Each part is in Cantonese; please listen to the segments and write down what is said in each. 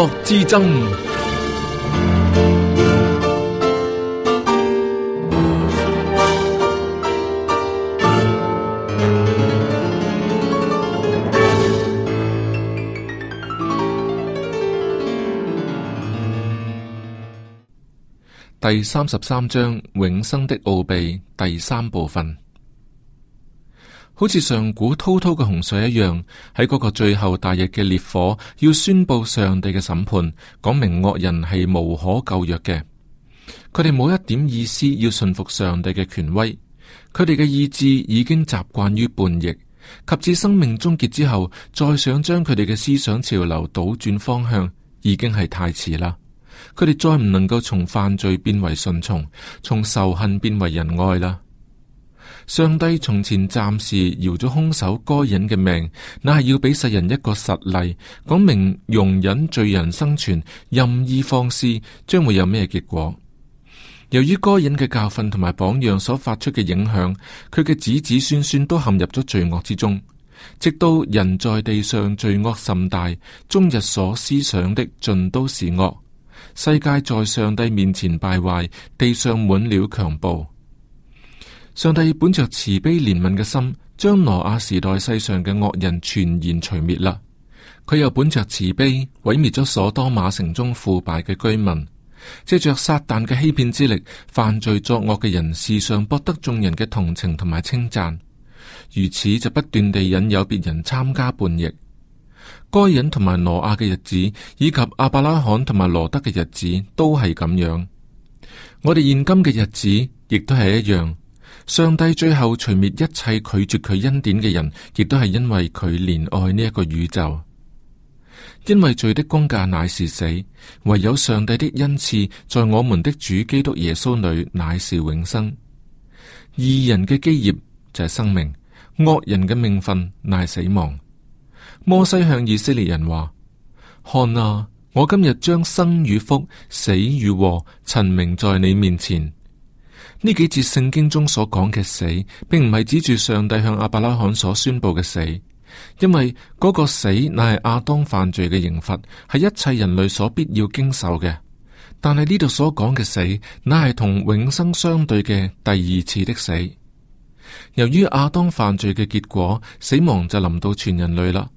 國之爭，第三十三章，永生的奧秘第三部分。好似上古滔滔嘅洪水一樣，喺嗰個最後大日嘅烈火，要宣布上帝嘅審判，講明惡人係無可救藥嘅。佢哋冇一點意思要順服上帝嘅權威，佢哋嘅意志已經習慣於叛逆，及至生命終結之後，再想將佢哋嘅思想潮流倒轉方向，已經係太遲啦。佢哋再唔能夠從犯罪變為順從，從仇恨變為仁愛啦。上帝從前暫時饒咗凶手該隱嘅命，那係要俾世人一個實例，講明容忍罪人生存，任意放肆，將會有咩結果？由於該隱嘅教訓同埋榜樣所發出嘅影響，佢嘅子子孫孫都陷入咗罪惡之中，直到人在地上罪惡甚大，終日所思想的盡都是惡，世界在上帝面前敗壞，地上滿了強暴。上帝本着慈悲憐憫嘅心，將挪亞時代世上嘅惡人全然除滅啦。佢又本着慈悲，毀滅咗所多馬城中腐敗嘅居民，借着撒旦嘅欺騙之力，犯罪作惡嘅人時常博得眾人嘅同情同埋稱讚，如此就不斷地引誘別人參加叛逆。該隱同埋挪亞嘅日子，以及阿伯拉罕同埋羅德嘅日子，都係咁樣。我哋現今嘅日子，亦都係一樣。上帝最後除滅一切拒絕佢恩典嘅人，亦都係因為佢憐愛呢一個宇宙。因為罪的工價乃是死，唯有上帝的恩賜在我們的主基督耶穌裏乃是永生。義人嘅基業就係生命，惡人嘅命分乃死亡。摩西向以色列人話：「看啊，我今日將生與福、死與禍陳明在你面前。呢幾節聖經中所講嘅死，並唔係指住上帝向亞伯拉罕所宣佈嘅死，因為嗰個死乃係亞當犯罪嘅刑罰，係一切人類所必要經受嘅。但係呢度所講嘅死，乃係同永生相對嘅第二次的死。由於亞當犯罪嘅結果，死亡就臨到全人類啦，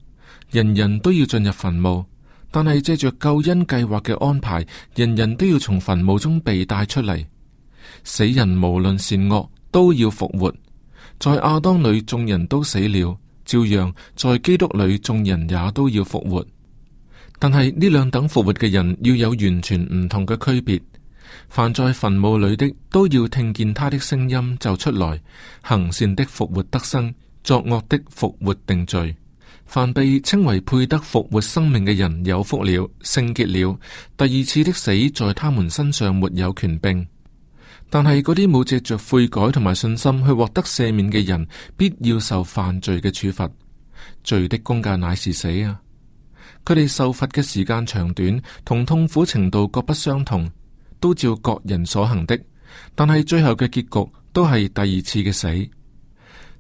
人人都要進入墳墓。但係借着救恩計劃嘅安排，人人都要從墳墓中被帶出嚟。死人無論善惡都要復活，在亞當裏眾人都死了，照樣在基督裏眾人也都要復活。但係呢兩等復活嘅人要有完全唔同嘅區別。凡在墳墓裏的都要聽見他的聲音，就出來，行善的復活得生，作惡的復活定罪。凡被稱為配得復活生命嘅人有福了，聖潔了，第二次的死在他們身上沒有權柄。但係嗰啲冇借着悔改同埋信心去獲得赦免嘅人，必要受犯罪嘅處罰。罪的工價乃是死啊！佢哋受罰嘅時間長短同痛苦程度各不相同，都照各人所行的。但係最後嘅結局都係第二次嘅死。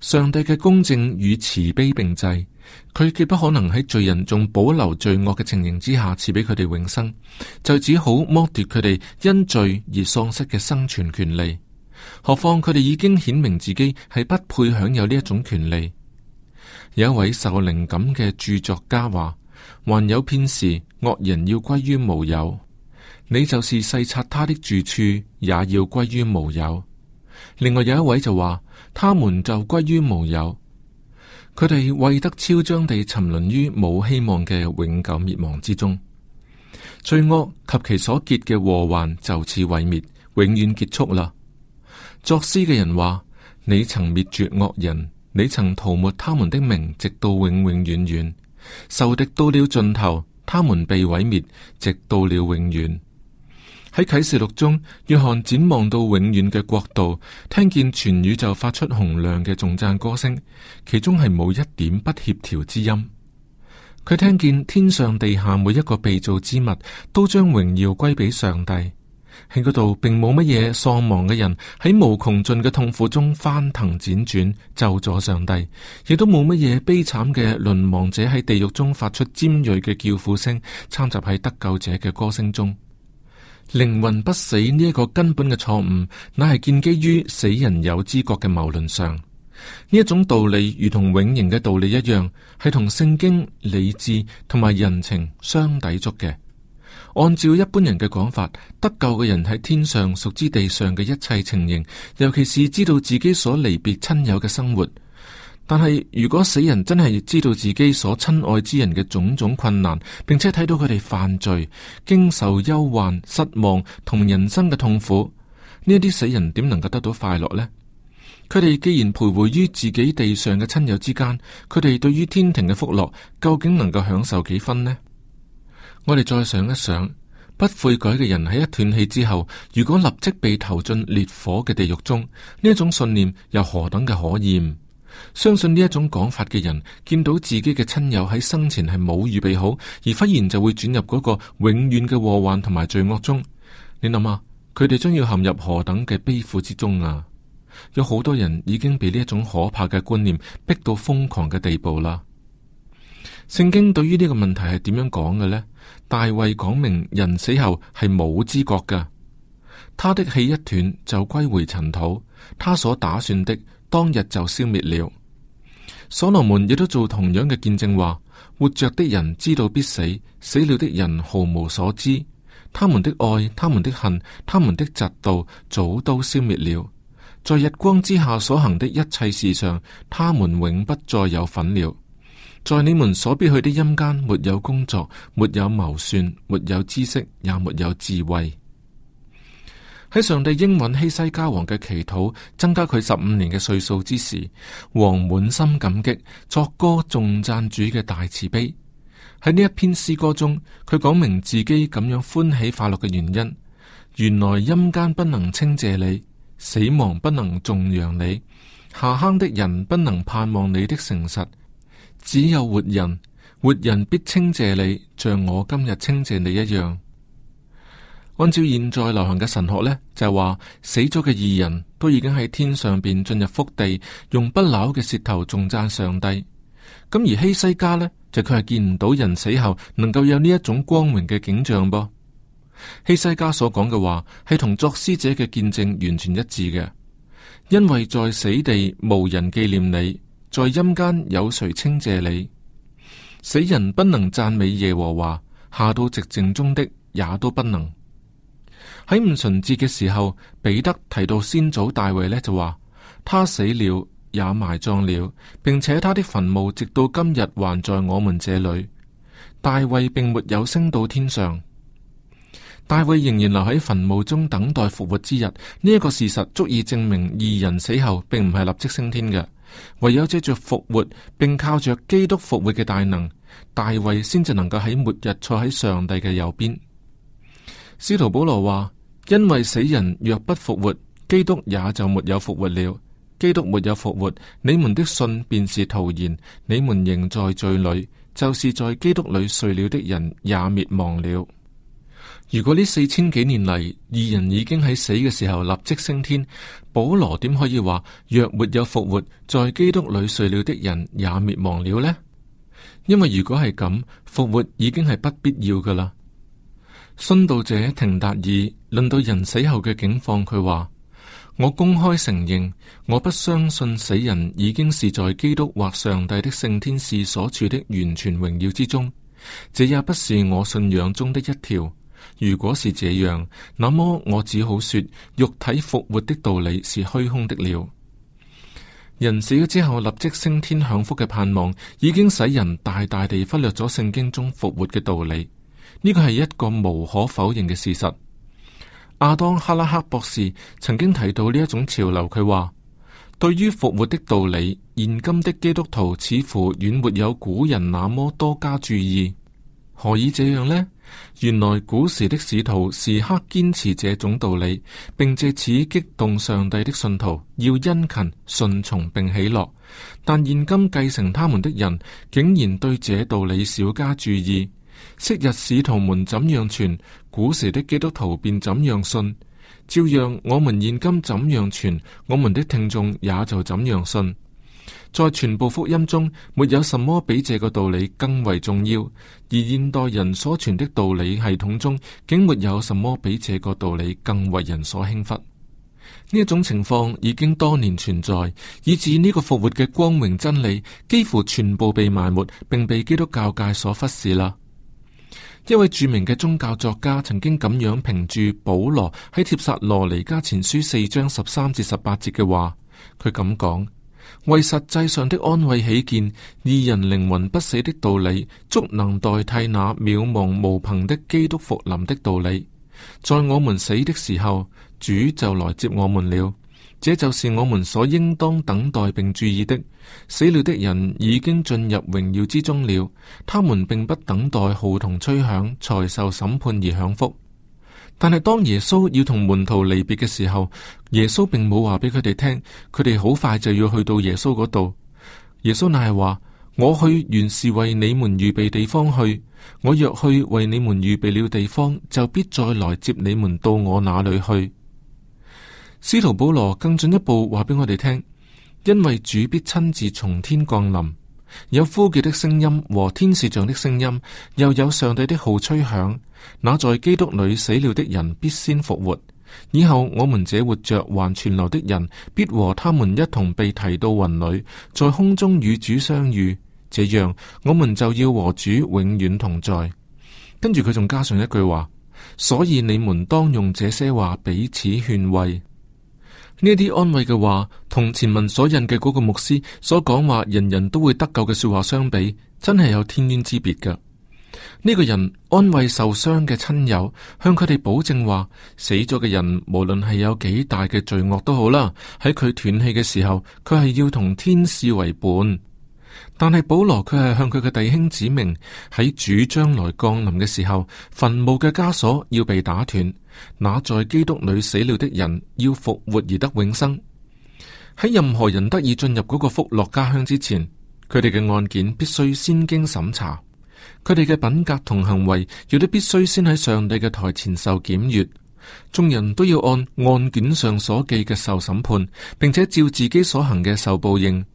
上帝嘅公正與慈悲並濟。佢極不可能喺罪人仲保留罪惡嘅情形之下賜俾佢哋永生，就只好剝奪佢哋因罪而喪失嘅生存權利。何況佢哋已經顯明自己係不配享有呢一種權利。有一位受靈感嘅著作家話：還有片時惡人要歸於無有，你就是細察他的住處，也要歸於無有。另外有一位就話：他們就歸於無有。佢哋為得超張地沉淪於冇希望嘅永久滅亡之中，罪惡及其所結嘅禍患就此毀滅，永遠結束啦。作詩嘅人話：，你曾滅絕惡人，你曾塗抹他們的名，直到永永遠遠，仇敵到了盡頭，他們被毀滅，直到了永遠。喺啟示錄中，約翰展望到永遠嘅國度，聽見全宇宙發出洪亮嘅頌讚歌聲，其中係冇一點不協調之音。佢聽見天上地下每一個被造之物，都將榮耀歸俾上帝。喺嗰度並冇乜嘢喪亡嘅人喺無窮盡嘅痛苦中翻騰輾轉，咒詛上帝，亦都冇乜嘢悲慘嘅淪亡者喺地獄中發出尖銳嘅叫苦聲，摻雜喺得救者嘅歌聲中。靈魂不死呢一個根本嘅錯誤，乃係建基於死人有知覺嘅謬論上。呢一種道理，如同永刑嘅道理一樣，係同聖經理智同埋人情相抵觸嘅。按照一般人嘅講法，得救嘅人喺天上熟知地上嘅一切情形，尤其是知道自己所離別親友嘅生活。但係，如果死人真係知道自己所親愛之人嘅種種困難，並且睇到佢哋犯罪、經受憂患、失望同人生嘅痛苦，呢啲死人點能夠得到快樂呢？佢哋既然徘徊於自己地上嘅親友之間，佢哋對於天庭嘅福樂究竟能夠享受幾分呢？我哋再想一想，不悔改嘅人喺一斷氣之後，如果立即被投進烈火嘅地獄中，呢一種信念又何等嘅可厭？相信呢一種講法嘅人，見到自己嘅親友喺生前係冇預備好，而忽然就會轉入嗰個永遠嘅禍患同埋罪惡中。你諗啊，佢哋將要陷入何等嘅悲苦之中啊？有好多人已經被呢一種可怕嘅觀念逼到瘋狂嘅地步啦。聖經對於呢個問題係點樣講嘅呢？大衛講明人死後係冇知覺噶，他的氣一斷就歸回塵土，他所打算的。當日就消滅了。所羅門亦都做同樣嘅見證話：活着的人知道必死，死了的人毫無所知。他們的愛，他們的恨，他們的嫉妒，早都消滅了。在日光之下所行的一切事上，他們永不再有份了。在你們所必去的陰間，沒有工作，沒有謀算，沒有知識，也沒有智慧。喺上帝應允希西家王嘅祈禱，增加佢十五年嘅歲數之時，王滿心感激，作歌頌讚主嘅大慈悲。喺呢一篇詩歌中，佢講明自己咁樣歡喜快樂嘅原因。原來陰間不能稱謝你，死亡不能頌揚你，下坑的人不能盼望你的誠實。只有活人，活人必稱謝你，像我今日稱謝你一樣。按照現在流行嘅神學呢，就係話死咗嘅異人都已經喺天上邊進入福地，用不朽嘅舌頭重讚上帝。咁而希西家呢，就佢係見唔到人死後能夠有呢一種光明嘅景象噃。希西家所講嘅話係同作詩者嘅見證完全一致嘅，因為在死地無人紀念你，在陰間有誰稱謝你？死人不能讚美耶和華，下到寂靜中的也都不能。喺五旬節嘅時候，彼得提到先祖大衛呢，就話：他死了，也埋葬了，並且他的墳墓直到今日還在我們這裏。大衛並沒有升到天上，大衛仍然留喺墳墓中等待復活之日。呢、這、一個事實足以證明，二人死後並唔係立即升天嘅，唯有借着復活，並靠着基督復活嘅大能，大衛先至能夠喺末日坐喺上帝嘅右邊。司徒保羅話。因為死人若不復活，基督也就沒有復活了。基督沒有復活，你們的信便是徒然，你們仍在罪裏。就是在基督裏睡了的人也滅亡了。如果呢四千幾年嚟，二人已經喺死嘅時候立即升天，保羅點可以話，若沒有復活，在基督裏睡了的人也滅亡了呢？因為如果係咁，復活已經係不必要噶啦。殉道者廷達爾論到人死後嘅境況，佢話：我公開承認，我不相信死人已經是在基督或上帝的聖天使所處的完全榮耀之中。這也不是我信仰中的一條。如果是這樣，那麼我只好說，肉體復活的道理是虛空的了。人死咗之後立即升天享福嘅盼望，已經使人大大地忽略咗聖經中復活嘅道理。呢個係一個無可否認嘅事實。亞當克拉克博士曾經提到呢一種潮流，佢話：對於復活的道理，現今的基督徒似乎遠沒有古人那麼多加注意。何以這樣呢？原來古時的使徒時刻堅持這種道理，並借此激動上帝的信徒要殷勤、順從並喜樂。但現今繼承他們的人，竟然對這道理少加注意。昔日使徒們怎樣傳，古時的基督徒便怎樣信，照樣，我們現今怎樣傳，我們的聽眾也就怎樣信。在全部福音中，沒有什麼比這個道理更為重要；而現代人所傳的道理系統中，竟沒有什麼比這個道理更為人所輕忽呢？一種情況已經多年存在，以至呢個復活嘅光榮真理幾乎全部被埋沒，並被基督教界所忽視啦。一位著名嘅宗教作家曾經咁樣評注保羅喺帖撒羅尼迦前書四章十三至十八節嘅話，佢咁講：為實際上的安慰起見，二人靈魂不死的道理，足能代替那渺茫無憑的基督復臨的道理。在我們死的時候，主就來接我們了。這就是我們所應當等待並注意的。死了的人已經進入榮耀之中了，他們並不等待號筒吹響，才受審判而享福。但係當耶穌要同門徒離別嘅時候，耶穌並冇話俾佢哋聽，佢哋好快就要去到耶穌嗰度。耶穌乃係話：我去原是為你們預備地方去，我若去為你們預備了地方，就必再來接你們到我那裏去。司徒保羅更進一步話俾我哋聽，因為主必親自從天降臨，有呼叫的聲音和天使長的聲音，又有上帝的號吹響。那在基督裏死了的人必先復活，以後我們這活着還存留的人，必和他們一同被提到雲裏，在空中與主相遇。這樣，我們就要和主永遠同在。跟住佢仲加上一句話，所以你們當用這些話彼此勸慰。呢啲安慰嘅話，同前文所引嘅嗰個牧師所講話人人都會得救嘅說話相比，真係有天淵之別噶。呢、這個人安慰受傷嘅親友，向佢哋保證話，死咗嘅人無論係有幾大嘅罪惡都好啦，喺佢斷氣嘅時候，佢係要同天使為伴。但係保羅佢係向佢嘅弟兄指明，喺主將來降臨嘅時候，墳墓嘅枷鎖要被打斷，那在基督裏死了的人要復活而得永生。喺任何人得以進入嗰個福樂家鄉之前，佢哋嘅案件必須先經審查，佢哋嘅品格同行為亦都必須先喺上帝嘅臺前受檢閱。眾人都要按案件上所記嘅受審判，並且照自己所行嘅受報應。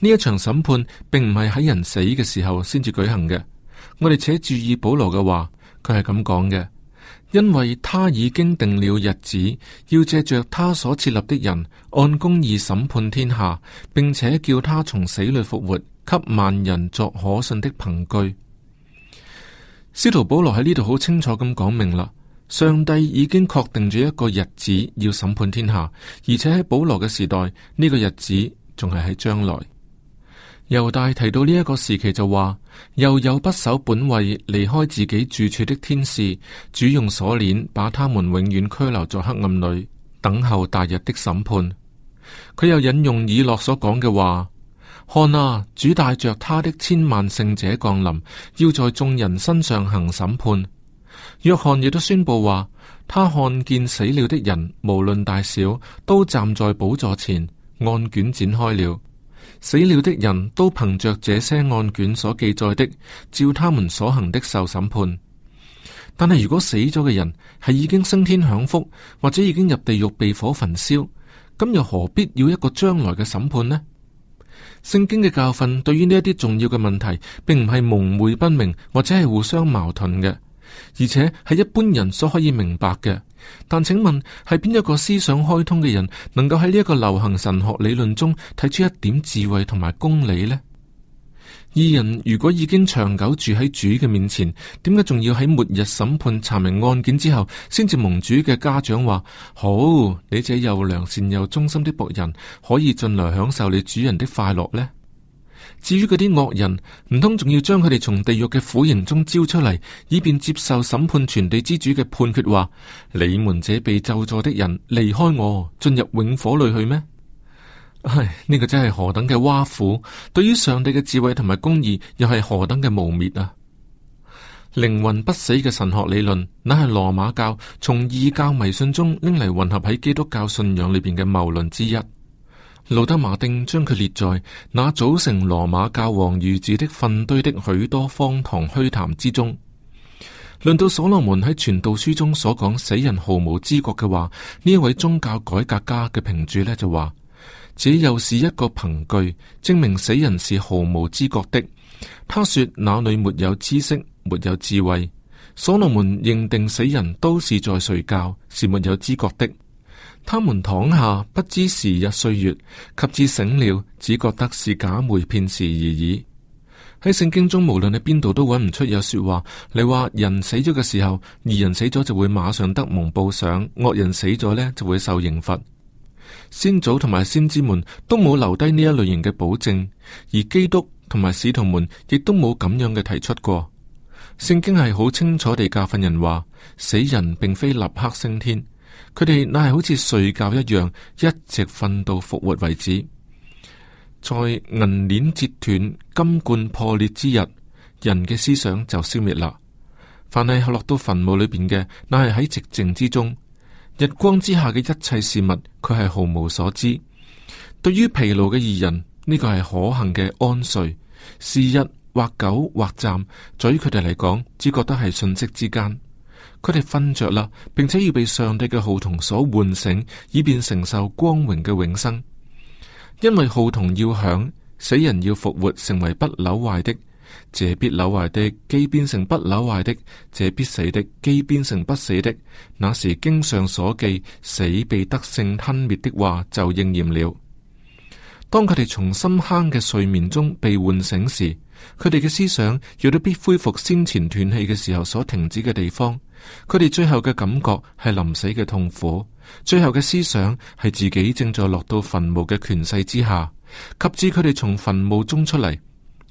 呢一場審判並唔係喺人死嘅時候先至舉行嘅。我哋且注意保羅嘅話，佢係咁講嘅：因為他已經定了日子，要借着他所設立的人，按公義審判天下，並且叫他從死裏復活，給萬人作可信的憑據。司徒保羅喺呢度好清楚咁講明啦，上帝已經確定咗一個日子要審判天下，而且喺保羅嘅時代呢個日子。仲係喺將來。猶大提到呢一個時期就話，又有不守本位離開自己住處的天使，主用鎖鏈把他們永遠拘留在黑暗裏，等候大日的審判。佢又引用以諾所講嘅話：「看啊，主帶着他的千萬聖者降臨，要在眾人身上行審判」。約翰亦都宣布話，他看見死了的人無論大小，都站在寶座前。案卷展開了，死了的人都憑着這些案卷所記載的，照他們所行的受審判。但係如果死咗嘅人係已經升天享福，或者已經入地獄被火焚燒，咁又何必要一個將來嘅審判呢？聖經嘅教訓對於呢一啲重要嘅問題，並唔係蒙昧不明，或者係互相矛盾嘅，而且係一般人所可以明白嘅。但請問係邊一個思想開通嘅人，能夠喺呢一個流行神學理論中睇出一點智慧同埋公理呢？義人如果已經長久住喺主嘅面前，點解仲要喺末日審判查明案件之後，先至蒙主嘅家長話，好、oh，你這又良善又忠心的僕人，可以進來享受你主人的快樂呢？至於嗰啲惡人，唔通仲要將佢哋從地獄嘅苦刑中招出嚟，以便接受審判全地之主嘅判決，話你們這被咒詛的人，離開我，進入永火裏去咩？唉，呢、這個真係何等嘅挖苦，對於上帝嘅智慧同埋公義，又係何等嘅污蔑啊！靈魂不死嘅神學理論，乃係羅馬教從異教迷信中拎嚟混合喺基督教信仰裏邊嘅謬論之一。路德馬丁將佢列在那組成羅馬教皇諭旨的糞堆的許多荒唐虛談之中。論到所羅門喺傳道書中所講死人毫無知覺嘅話，呢一位宗教改革家嘅評注呢就話：這又是一個憑據，證明死人是毫無知覺的。他說：那裏沒有知識，沒有智慧。所羅門認定死人都是在睡覺，是沒有知覺的。他們躺下不知時日歲月，及至醒了，只覺得是假寐片時而已。喺聖經中，無論你邊度都搵唔出有話說話你話人死咗嘅時候，善人死咗就會馬上得蒙報賞，惡人死咗咧就會受刑罰。先祖同埋先知們都冇留低呢一類型嘅保證，而基督同埋使徒們亦都冇咁樣嘅提出過。聖經係好清楚地教訓人話，死人並非立刻升天。佢哋乃係好似睡覺一樣，一直瞓到復活為止。在銀鏈折斷、金冠破裂之日，人嘅思想就消滅啦。凡係落到墳墓裏邊嘅，乃係喺寂靜之中，日光之下嘅一切事物，佢係毫無所知。對於疲勞嘅義人，呢、這個係可行嘅安睡。是日或久或暫，對於佢哋嚟講，只覺得係瞬息之間。佢哋瞓着啦，並且要被上帝嘅號筒所喚醒，以便承受光榮嘅永生。因為號筒要響，死人要復活，成為不朽壞的；這必朽壞的，既變成不朽壞的，這必死的，既變成不死的。那時經上所記，死被得勝吞滅的話就應驗了。當佢哋從深坑嘅睡眠中被喚醒時，佢哋嘅思想要得必恢復先前斷氣嘅時候所停止嘅地方。佢哋最後嘅感覺係臨死嘅痛苦，最後嘅思想係自己正在落到墳墓嘅權勢之下，及至佢哋從墳墓中出嚟，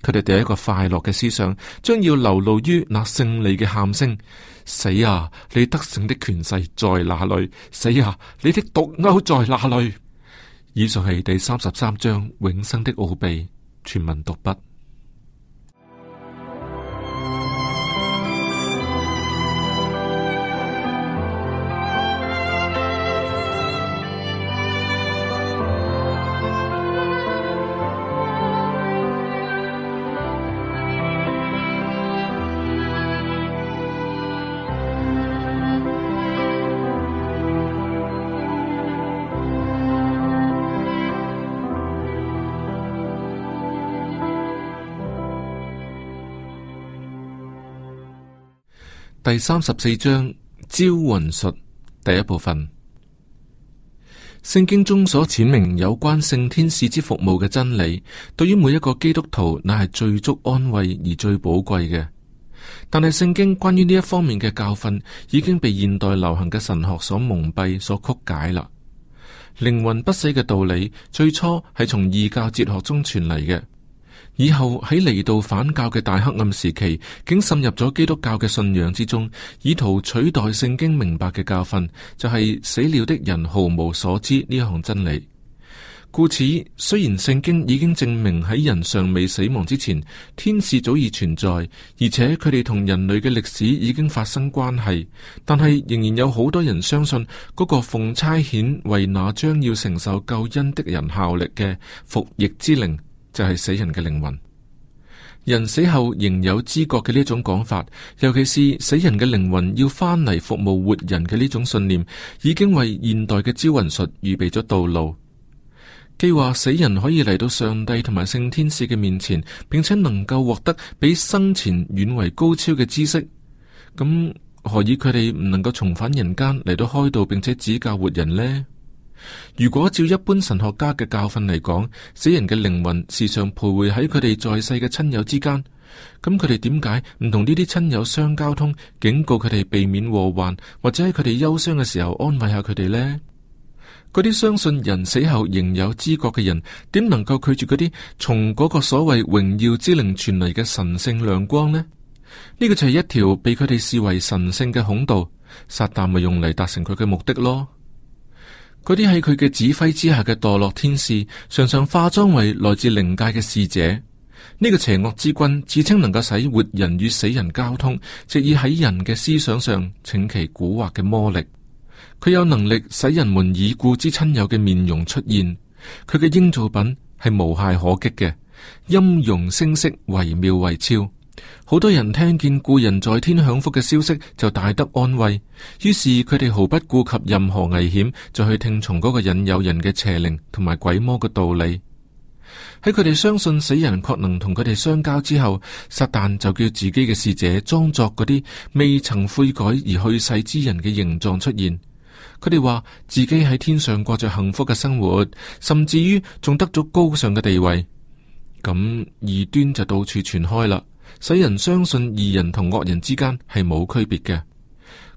佢哋第一個快樂嘅思想，將要流露於那勝利嘅喊聲：死啊！你得勝的權勢在哪裏？死啊！你的毒鈎在哪裏？以上係第三十三章永生的奧祕全文讀畢。第三十四章招魂術第一部分，聖經中所闡明有關聖天使之服務嘅真理，對於每一個基督徒，乃係最足安慰而最寶貴嘅。但係聖經關於呢一方面嘅教訓，已經被現代流行嘅神學所蒙蔽、所曲解啦。靈魂不死嘅道理，最初係從異教哲學中傳嚟嘅。以後喺離道反教嘅大黑暗時期，竟滲入咗基督教嘅信仰之中，以圖取代聖經明白嘅教訓，就係、是、死了的人毫無所知呢一項真理。故此，雖然聖經已經證明喺人尚未死亡之前，天使早已存在，而且佢哋同人類嘅歷史已經發生關係，但係仍然有好多人相信嗰個奉差遣為那將要承受救恩的人效力嘅服役之靈，就係死人嘅靈魂，人死後仍有知覺嘅呢種講法，尤其是死人嘅靈魂要翻嚟服務活人嘅呢種信念，已經為現代嘅招魂術預備咗道路。既話死人可以嚟到上帝同埋聖天使嘅面前，並且能夠獲得比生前遠為高超嘅知識，咁何以佢哋唔能夠重返人間嚟到開導，並且指教活人呢？如果照一般神學家嘅教訓嚟講，死人嘅靈魂時常徘徊喺佢哋在世嘅親友之間，咁佢哋點解唔同呢啲親友相交通，警告佢哋避免禍患，或者喺佢哋憂傷嘅時候安慰下佢哋呢？嗰啲相信人死後仍有知覺嘅人，點能夠拒絕嗰啲從嗰個所謂榮耀之靈傳嚟嘅神聖亮光呢？呢個就係一條被佢哋視為神聖嘅恐道，撒旦咪用嚟達成佢嘅目的咯？嗰啲喺佢嘅指揮之下嘅墮落天使，常常化妝為來自靈界嘅使者。呢、這個邪惡之君自稱能夠使活人與死人交通，藉以喺人嘅思想上逞其蠱惑嘅魔力。佢有能力使人們已故之親友嘅面容出現。佢嘅贋造品係無懈可擊嘅，音容聲色惟妙惟肖。好多人聽見故人在天享福嘅消息，就大得安慰。於是佢哋毫不顧及任何危險，就去聽從嗰個引誘人嘅邪靈同埋鬼魔嘅道理。喺佢哋相信死人確能同佢哋相交之後，撒旦就叫自己嘅使者裝作嗰啲未曾悔改而去世之人嘅形狀出現。佢哋話自己喺天上過着幸福嘅生活，甚至於仲得咗高尚嘅地位。咁異端就到處傳開啦。使人相信異人同惡人之間係冇區別嘅。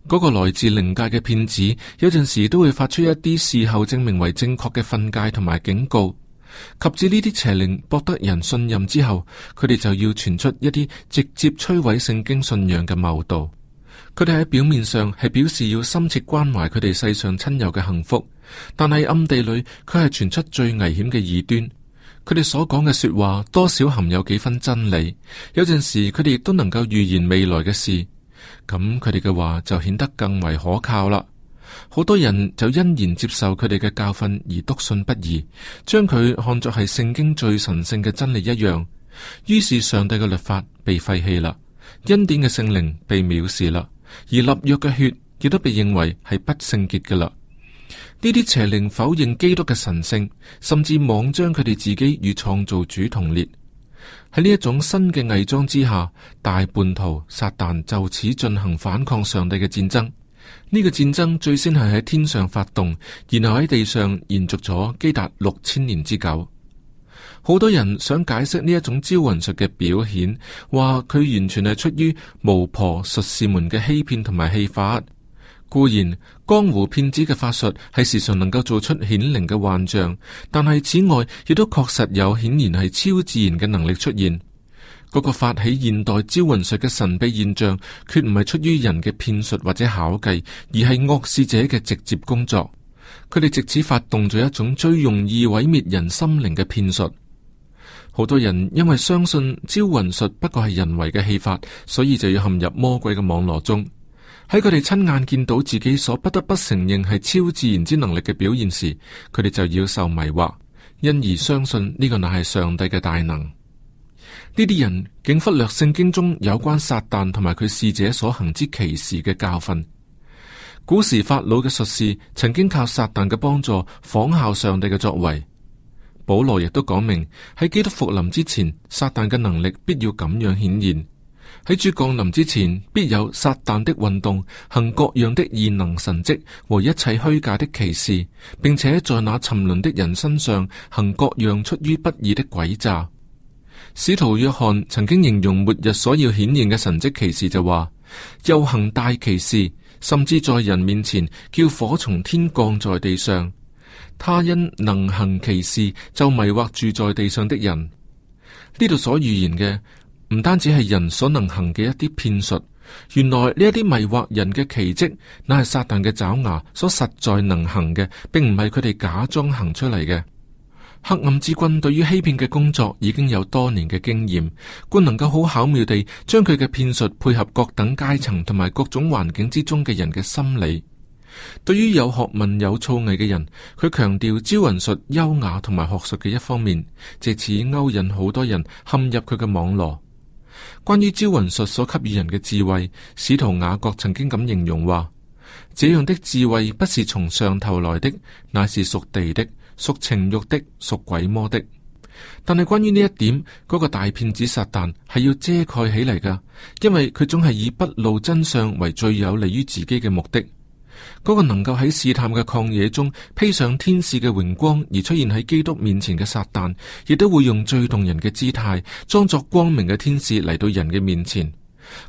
嗰個來自靈界嘅騙子，有陣時都會發出一啲事後證明為正確嘅訓誡同埋警告。及至呢啲邪靈博得人信任之後，佢哋就要傳出一啲直接摧毀聖經信仰嘅謬道。佢哋喺表面上係表示要深切關懷佢哋世上親友嘅幸福，但係暗地裏佢係傳出最危險嘅異端。佢哋所講嘅說話多少含有幾分真理，有陣時佢哋亦都能夠預言未來嘅事，咁佢哋嘅話就顯得更為可靠啦。好多人就欣然接受佢哋嘅教訓而篤信不疑，將佢看作係聖經最神聖嘅真理一樣。於是上帝嘅律法被廢棄啦，恩典嘅聖靈被藐視啦，而立約嘅血亦都被認為係不聖潔嘅啦。呢啲邪靈否認基督嘅神聖，甚至妄將佢哋自己與創造主同列。喺呢一種新嘅偽裝之下，大叛徒撒旦就此進行反抗上帝嘅戰爭。呢、這個戰爭最先係喺天上發動，然後喺地上延續咗幾達六千年之久。好多人想解釋呢一種招魂術嘅表現，話佢完全係出於巫婆、術士們嘅欺騙同埋戲法。固然江湖騙子嘅法術係時常能夠做出顯靈嘅幻象，但係此外亦都確實有顯然係超自然嘅能力出現。嗰個發起現代招魂術嘅神秘現象，決唔係出於人嘅騙術或者巧計，而係惡事者嘅直接工作。佢哋借此發動咗一種最容易毀滅人心靈嘅騙術。好多人因為相信招魂術不過係人為嘅戲法，所以就要陷入魔鬼嘅網絡中。喺佢哋親眼見到自己所不得不承認係超自然之能力嘅表現時，佢哋就要受迷惑，因而相信呢個乃係上帝嘅大能。呢啲人竟忽略聖經中有關撒旦同埋佢使者所行之奇事嘅教訓。古時法老嘅術士曾經靠撒旦嘅幫助仿效上帝嘅作為。保羅亦都講明喺基督復臨之前，撒旦嘅能力必要咁樣顯現。喺主降臨之前，必有撒旦的運動，行各樣的異能神蹟和一切虛假的奇事，並且在那沉淪的人身上行各樣出於不義的詭詐。使徒約翰曾經形容末日所要顯現嘅神蹟奇事就話：又行大奇事，甚至在人面前叫火從天降在地上。他因能行奇事，就迷惑住在地上的人。呢度所預言嘅。唔單止係人所能行嘅一啲騙術，原來呢一啲迷惑人嘅奇蹟，乃係撒旦嘅爪牙所實在能行嘅，並唔係佢哋假裝行出嚟嘅。黑暗之君對於欺騙嘅工作已經有多年嘅經驗，故能夠好巧妙地將佢嘅騙術配合各等階層同埋各種環境之中嘅人嘅心理。對於有學問有造詣嘅人，佢強調招魂術優雅同埋學術嘅一方面，借此勾引好多人陷入佢嘅網絡。關於招魂術所給予人嘅智慧，使徒雅各曾經咁形容話：這樣的智慧不是從上頭來的，乃是屬地的、屬情欲的、屬鬼魔的。但係關於呢一點，嗰、那個大騙子撒旦係要遮蓋起嚟噶，因為佢總係以不露真相為最有利於自己嘅目的。嗰個能夠喺試探嘅曠野中披上天使嘅榮光而出現喺基督面前嘅撒旦，亦都會用最動人嘅姿態，裝作光明嘅天使嚟到人嘅面前。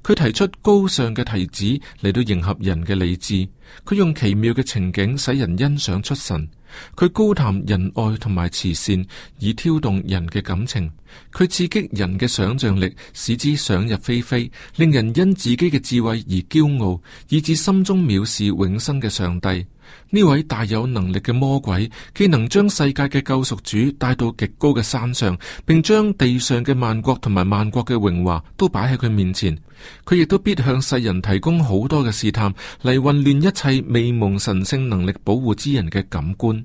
佢提出高尚嘅提子嚟到迎合人嘅理智，佢用奇妙嘅情景使人欣賞出神。佢高談仁愛同埋慈善，以挑動人嘅感情；佢刺激人嘅想象力，使之想入非非，令人因自己嘅智慧而驕傲，以致心中藐視永生嘅上帝。呢位大有能力嘅魔鬼，既能將世界嘅救贖主帶到極高嘅山上，並將地上嘅萬國同埋萬國嘅榮華都擺喺佢面前，佢亦都必向世人提供好多嘅試探，嚟混亂一切未蒙神聖能力保護之人嘅感官。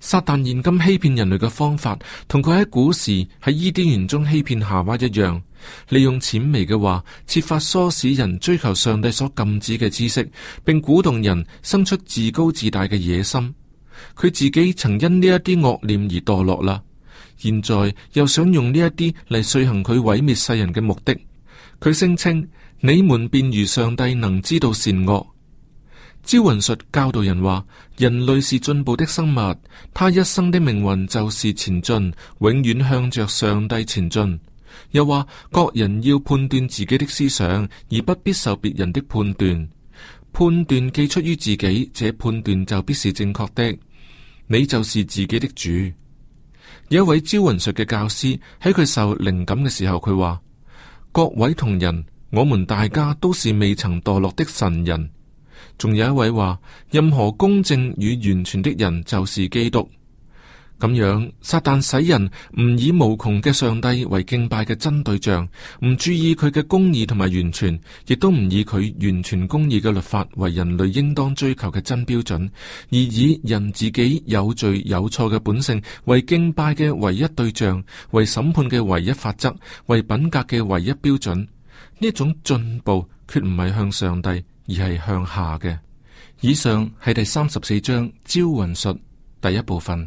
撒旦現今欺騙人類嘅方法，同佢喺古時，喺伊甸園中欺騙夏娃一樣。利用淺微嘅話，設法唆使人追求上帝所禁止嘅知識，並鼓動人生出自高自大嘅野心。佢自己曾因呢一啲惡念而墮落啦，現在又想用呢一啲嚟遂行佢毀滅世人嘅目的。佢聲稱你們便如上帝能知道善惡。招魂術教導人話：人類是進步的生物，他一生的命運就是前進，永遠向着上帝前進。又話，各人要判斷自己的思想，而不必受別人的判斷。判斷既出於自己，這判斷就必是正確的。你就是自己的主。有一位招魂術嘅教師喺佢受靈感嘅時候，佢話：各位同仁，我們大家都是未曾墮落的神人。仲有一位話：任何公正與完全的人，就是基督。咁樣，撒旦使人唔以無窮嘅上帝為敬拜嘅真對象，唔注意佢嘅公義同埋完全，亦都唔以佢完全公義嘅律法為人類應當追求嘅真標準，而以人自己有罪有錯嘅本性為敬拜嘅唯一對象，為審判嘅唯一法則，為品格嘅唯一標準。呢種進步，決唔係向上帝，而係向下嘅。以上係第三十四章招魂術第一部分。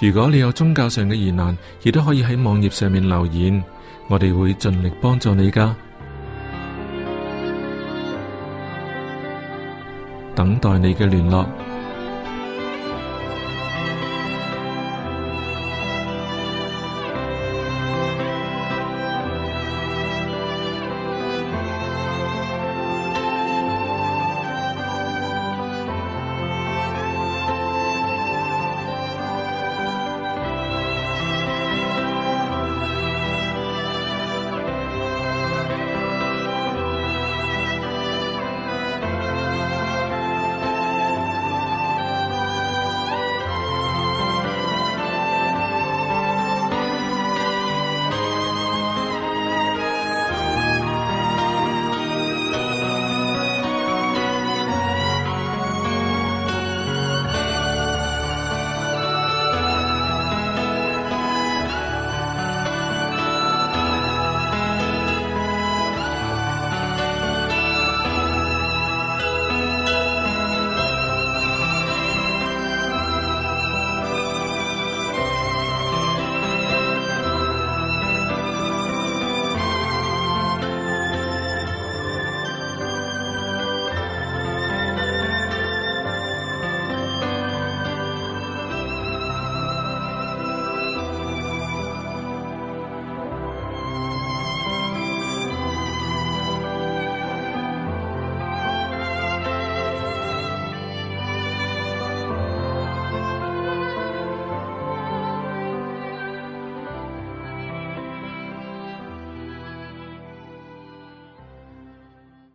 如果你有宗教上嘅疑難，亦都可以喺網頁上面留言，我哋會盡力幫助你㗎，等待你嘅聯絡。